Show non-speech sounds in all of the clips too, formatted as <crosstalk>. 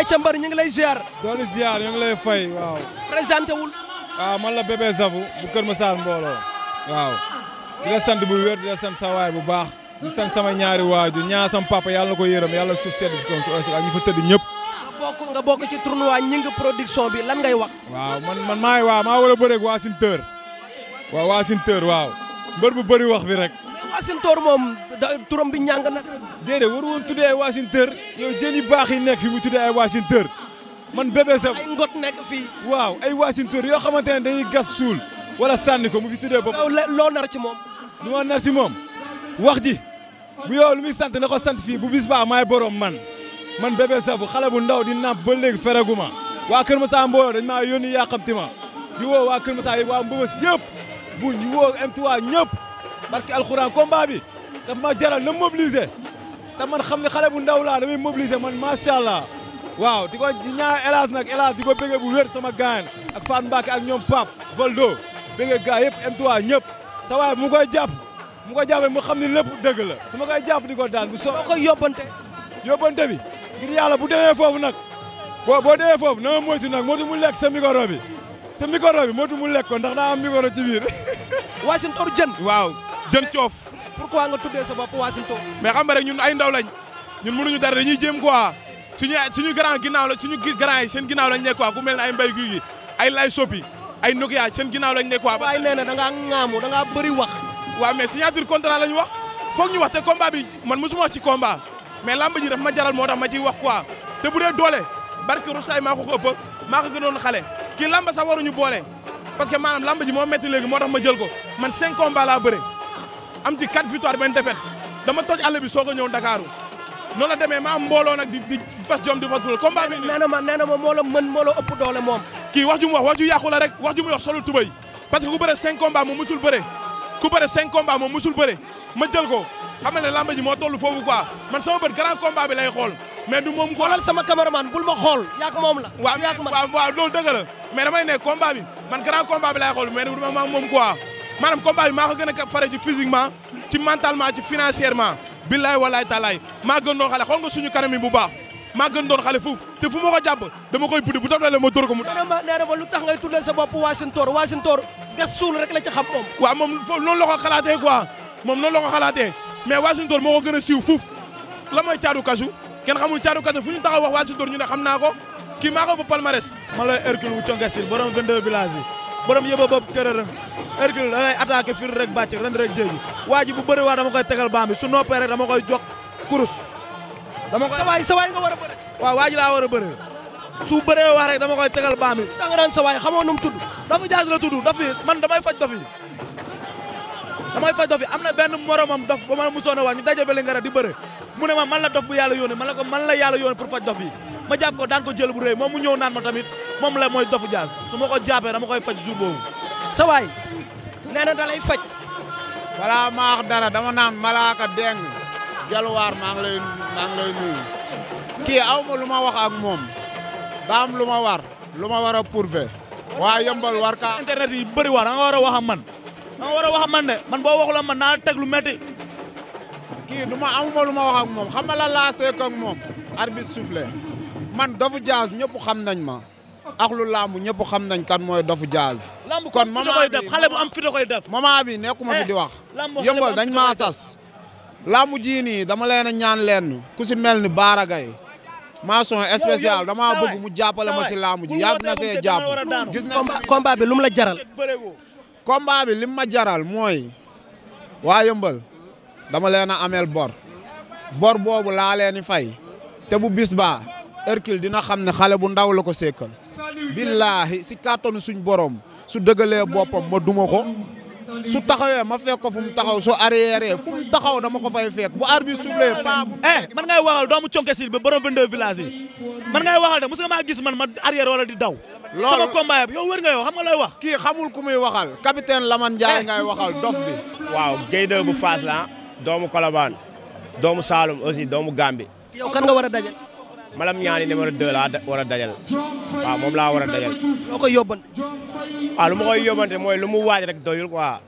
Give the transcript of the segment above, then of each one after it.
ay ca mbër ñu ngi lay ziar. doolu ziar ñu ngi lay fay waaw. présenté wul. waaw man la bébé Zafou bu Kër Masar mbooloo waaw di la sant bu wér di la sant sa waay bu baax di sant sama ñaari waaju ñaa sama papa yàlla na ko yërëm yàlla suuf sedd si kon si ak ñi fa tëdd ñëpp. bokk nga bokk ci tournoi ñing production bi lan ngay wax. waaw man man maay waaw maa war a bëreeg waa Sine Teur waaw waa Sine Teur waaw mbër bu bëri wax bi rek. Wassintor moom turam bi ñàng na. déedéet waru woon tuddee ay Wassintor yow jën yu baax yi nekk fi mu tuddee ay Wassintor man bébé sa ay ngot nekk fii. waaw ay Wassintor yoo xamante ne dañuy gas suul wala sànni ko mu fi tuddee bopp. loo nar ci moom. lu ma nar ci moom wax ji bu yoo lu sant na ko sant fii bu bis baa may borom man man bébé safu xale bu ndaw di nàmp ba léegi feregu ma waa Kër Moussa Mboyo dañ maa yónni yàqamti ma di woo waa Kër Moussa yi waa Mbëbës yëpp bu woo M3 ñëpp. barki alxuraan combat bi daf ma jaral na mobiliser te man xam ne xale bu ndaw laa damay mobiliser man macha allah waaw di ko ñaar hélas nag hélas di ko bëggee bu wér sama gaayan ak Fane Mbacke ak ñoom Pape Voldo bëggee gaa yëpp m ñëpp sa mu koy jàpp mu koy jàppee mu xam ni lépp dëgg la su ma koy jàpp di ko daan bu so ma koy yóbbante bi ngir yàlla bu demee foofu nag boo boo demee foofu na ma moytu nag moytu mu lekk sa micro bi sa micro bi moytu mu lekk ko ndax daa am micro ci biir <laughs> waaye seen waaw jën coof. pourquoi nga tuddee sa bopp Wassintor. mais xam nga ñun ay ndaw lañ ñun mënuñu dara dañuy jéem quoi suñu suñu grand ginnaaw la suñu grand yi seen ginnaaw lañ ne quoi ku mel ne ay mbay guy gi ay lay soppi ay Nokia seen ginnaaw lañ ne quoi. waaye nee na da ngaa ŋaamu da ngaa bëri wax. waaw mais signature contrat lañ wax foog ñu wax te combat bi man mosuma wax ci combat mais lamb ji daf ma jaral moo tax ma ciy wax quoi te bu dee doole barke Roussaay maa ko ko ëpp maa ko gënoon xale kii lamba sax waruñu boole parce que maanaam lamb ji moo metti léegi moo tax ma jël ko man cinq combats laa bëre am ci quatre victoire benn défaite dama toj àll bi soog a ñëw Dakar noonu la demee ma am mbooloo nag di di fas jom di fas ful combat bi. nee na ma nee na ma moo la mën moo la ëpp doole moom. kii wax ju wax wax ju yàqu rek wax ju muy solu tubay parce que ku bëre cinq combats moom musul bëre ku bëre cinq combats moom musul bëre ma jël ko xam ne lamba moo toll foofu quoi man sama bët grand combat bi lay xool mais du moom. xoolal sama cameraman bul ma xool. yaa moom la yaa waaw waaw loolu dëgg la mais damay ne combat bi man maanaam combat bi maa ko gën a fare ci physiquement ci mentalement ci financièrement billaay walaay talaay maa gën doon xale xool suñu kanam yi bu baax maa gën doon xale foofu te fu ma ko jàpp dama koy buddi bu doon dalee ma ko mu. nee na ma nee na ma lu tax ngay tuddee sa bopp Wassintor xam moom. waaw moom foofu noonu la xalaatee quoi moom noonu la xalaatee mais Wassintor moo ko gën a siiw foofu la mooy caadu kasu kenn xamul caadu kasu fu borom yëba bab kërëra Hercule da ngay attaqué fir rek bàcc ren rek jéegi waa bu bëri waa dama koy tegal baam bi su noppee dama koy jox kurus dama koy sa waay waay nga war a bëre waaw waa ji laa war a bëre su bëree wax rek dama koy tegal baam bi da nga naan sa waay xamoo nu mu tudd dafa jaas la tudd daf man damay faj dof yi damay faj dof yi am na benn moromam dof ba ma musoon a wax ñu daje ba li nga di bëre mu ne ma man la dof bu yàlla yónnee man la ko man la yàlla yónnee pour faj dof yi ma jàpp ko daan ko jël bu rëy moom mu ñëw naan ma tamit moom la mooy dofu jaas su ma ko jàppee dama koy faj jour boobu. sa waay nee na faj. balaa maa dara dama naan malaaka deng jalwaar maa ngi lay maa nuyu kii aw ma lu ma wax ak moom daam lu ma war lu ma war a prouver waa yëmbal war ka internet yi bëri war da nga war a wax man da nga war a wax man de man boo waxul man naa teg lu metti kii du ma amuma lu ma wax ak moom xam nga la laa seek moom arbitre soufflé man Dofu Diaz ñëpp xam nañ ma ak lu làmb ñëpp xam nañ kan mooy Dofu Diaz. kon moment bi def xale am fi da koy def. moment bi nekkuma eh, di wax. yëmbal dañ ma sas. làmb jii nii dama leen ñaan leen ku si mel ni baaragay maçon spécial dama bëgg mu jàppale ma si làmb ji yàgg na see jàpp. gis na combat bi lu mu la jaral. combat bi lim ma jaral mooy waa yëmbal dama leen a ameel bor bor boobu laa fay. te bu bis baa Hercule dina xam ne xale bu ndaw la ko sekkal billaahi si kàttanu suñ borom su dëgëlee boppam ma duma ko su taxawee ma fekk ko fu mu taxaw su arrière fu mu taxaw dama ko fay fekk bu arbitre soufflé eh man ngay waxal doomu conke si ba borom 22 village yi man ngay waxal de mos nga maa gis man ma arrière wala di daw loolu sama combat yow wër nga yow xam nga looy wax kii xamul ku muy waxal capitaine Lamane Ndiaye eh. ngay waxal dof bi waaw Guèye bu Fass la doomu Colobane doomu Saloum aussi doomu Gambie yow kan nga war a dajal. malam ñaani numéro 2 laa war a dajal moom laa war a dajal. loo koy yóbbante. waaw lu ma koy yóbbante mooy lu mu waaj rek doyul quoi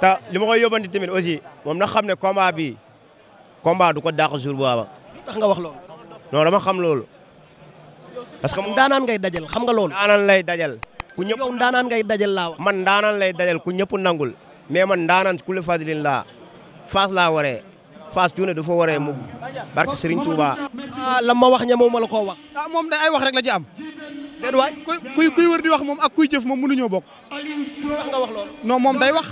te li ma koy yóbbante tamit aussi moom na xam ne combat bi combat du ko dàq jour booba. tax nga wax loolu. non dama xam loolu. parce que ndaanaan ngay dajal xam nga loolu. lay dajal. ku ñëpp ngay dajal laa man ndaanaan lay dajal ku ñëpp nangul mais man ndaanaan ku le la fas Fass laa waree. Fass Cuune du fa waree mukk barke Serigne Touba. ah ma wax ñemewu ma la koo wax. ah moom day ay wax rek la ci am. déedéet waay kuy kuy wër di wax moom ak kuy jëf moom mënuñoo bokk. wax nga wax loolu. non moom day wax.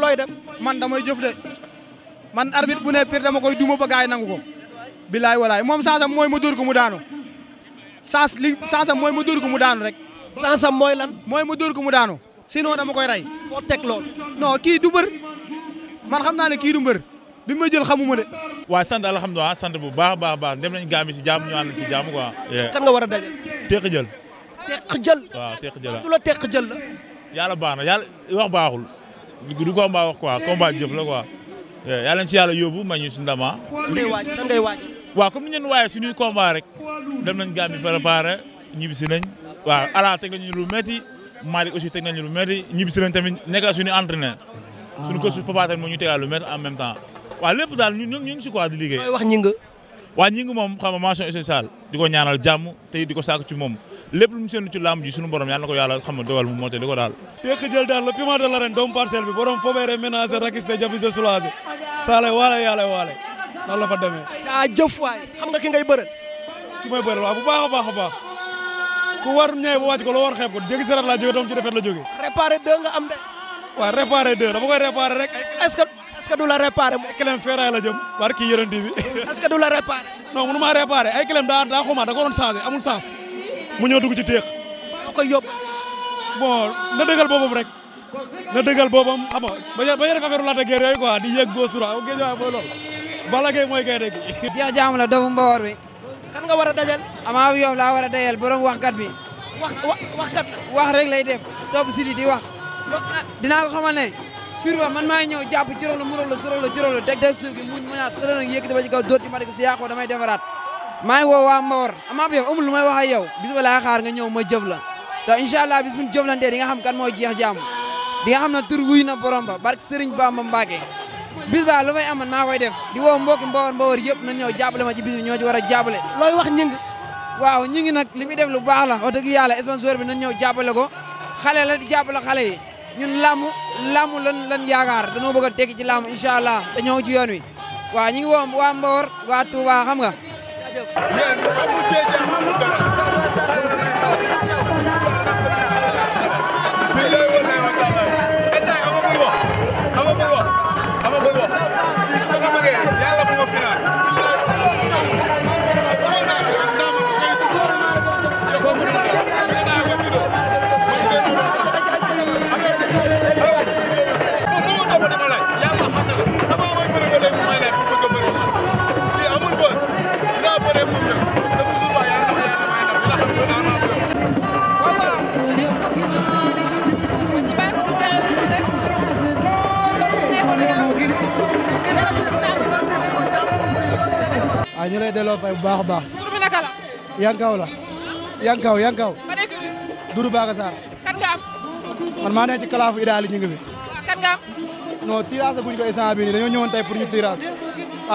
looy dem. man damay jëf de man arbitre bu ne pire dama koy duma ba gaay nangu ko. bilaay walaay moom saasam mooy ma dóor ko mu daanu. saas li saasam mooy ma dóor ko mu daanu rek. saasam mooy lan. mooy ma dóor ko mu daanu. sinon dama koy ray foo teg loolu. non kii du mbër man xam naa ne kii du bi ma jël xamuma de. waaw sant alhamdulilah sant bu baax baax baax dem nañ gaam bi ci jàmm ñu ànd ci jàmm quoi. kan nga war a dajal. teq jël. teq jël. waaw teq jël du la teq jël la. yàlla baax na yàlla wax baaxul. du combat wax quoi combat jëf la quoi. yàlla nañ ci yàlla ma ñu si ndama. Ah. ngay waaj nan ngay waaj. waaw comme ni ñu rek dem nañ gaam bi préparé ñibbisi nañ. waaw ala teg nañu lu métti Malick aussi teg nañu lu métti ñibbisi nañ tamit nekk sunu entraîneur. suñu coach Papa moo ñu tegaat lu métti en même temps waaw lépp daal ñu ñu ngi si quoi di liggéey. mooy wax ñi nga. waa ñi ngi moom xam nga mention spéciale di ko ñaanal jàmm te di ko sàkk ci moom lépp lu mu seen ci làmb ji suñu borom yàlla na ko yàlla xam nga dogal mu moté di daal. tekk jël daal le piment de l'arène borom fobeere ménager rakiste jabise soulagé saale waale yàlla waale noonu la fa demee. daa jëf a a est-ce que du la réparé. ay clem feeraay la jëm barki yërënd bi. est-ce que du la réparé. non mënu maa réparé ay clem daa daa xumaat da ko waroon mu ñëw dugg ci téex. waaw bon na dëggal boobam rek. na dëggal boobam xam ah nga bañ a bañ a def affaire laata guerre yooyu quoi di yegg gauche droit géej waaye mooy loolu. Balla Gaye mooy gaynde gi. <laughs> la doomu Mbawar bi. kan nga war a dajal. Ama bi yow laa war a dajal borom waxkat bi. wax waxkat la. wax rek lay def topp si di wax. Ah. dinaa ko xamal ne. surba man maa ngi ñëw jàpp juróom la muróom la soróom la juróom la deg deg suuf gi muñ mënaat na yëkkati ba ci kaw dóor ci madi ko damay defaraat maa woo waa Mbawar amaa bu yow amul lu may wax ak yow bis ba laa xaar nga ñëw ma jëf la te incha allah bis buñ jëflantee di nga xam kan mooy jeex jàmm di nga xam ne tur wuy na borom ba barke Serigne Bamba Mbacke bis ba lu fay aman maa koy def di woo mbokki Mbawar Mbawar yëpp na ñëw jàppale ma ci bis bi ñoo ci war a jàppale looy wax waaw ñi ngi nag li muy def lu baax la wax dëgg yàlla sponsor bi nañ ñëw jàppale ko xale la di jàppale xale yi ñun làmb làmb lan lan yaakaar dañoo bëgg a tekki ci làmb incha allah te ñoo ngi ci yoon wi waa ñu ngi woo waa Mbawar waa xam nga. waaw ñu lay delloo fay bu baax a baax. tur la. Yankaw la. Yankaw Yankaw. ba nekk nii. Doudou Baka Sarr. kan nga am. man maa ne ci kalaafu i ñu ngi bi. kan nga am. non tirage guñ ko instant bii nii dañoo ñëwoon tey pour ñu tirage.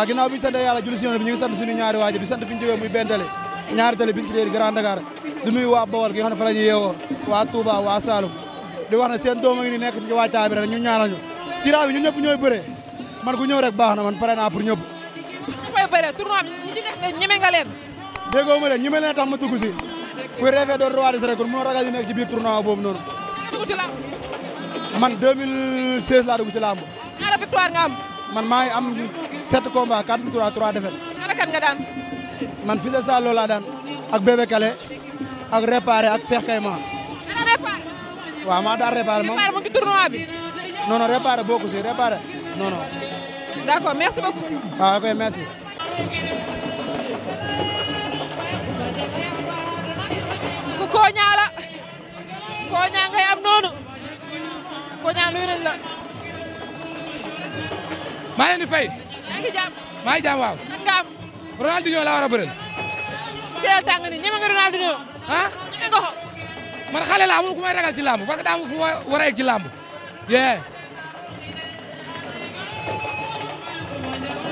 bi ñu sant yàlla julli si bi ñu ngi sant suñu ñaari waajur di sant fi ñu mu muy bentale ñaari tali Biscuiterie Grand Dakar di nuyu waa Bawol gi nga xam ne fa la ñuy yeewoo waa Touba waa Saloum di wax ne seen doom a ngi ni nekk ci waajtaay ñu ñaanal ñu tirage bi ñun ñëpp ñooy bëree na man pare bëre tournoi bi ñi ci nekk ñeme nga leen déggoo ma leen ñi kuy rêvé doon roi des records mënoo ragal yu noonu man 2016 laa dugg ci làmb ñaata victoire nga am man maa ngi am 7 combats 4 victoires 3 défaites ñaata kan nga daan man fi sa salo laa daan ak bébé kale ak réparé si ku koñaa la koñaa ngay am noonu koñaa nuyu la maa leen di fay maa ngi jàmm maa ngi la war a bëreel jëlal tàng ñeme nga Ronaldinho ah ñeme nga ko man xale laa amul ku may ragal ci làmb parce que daa fu war a ci làmb yee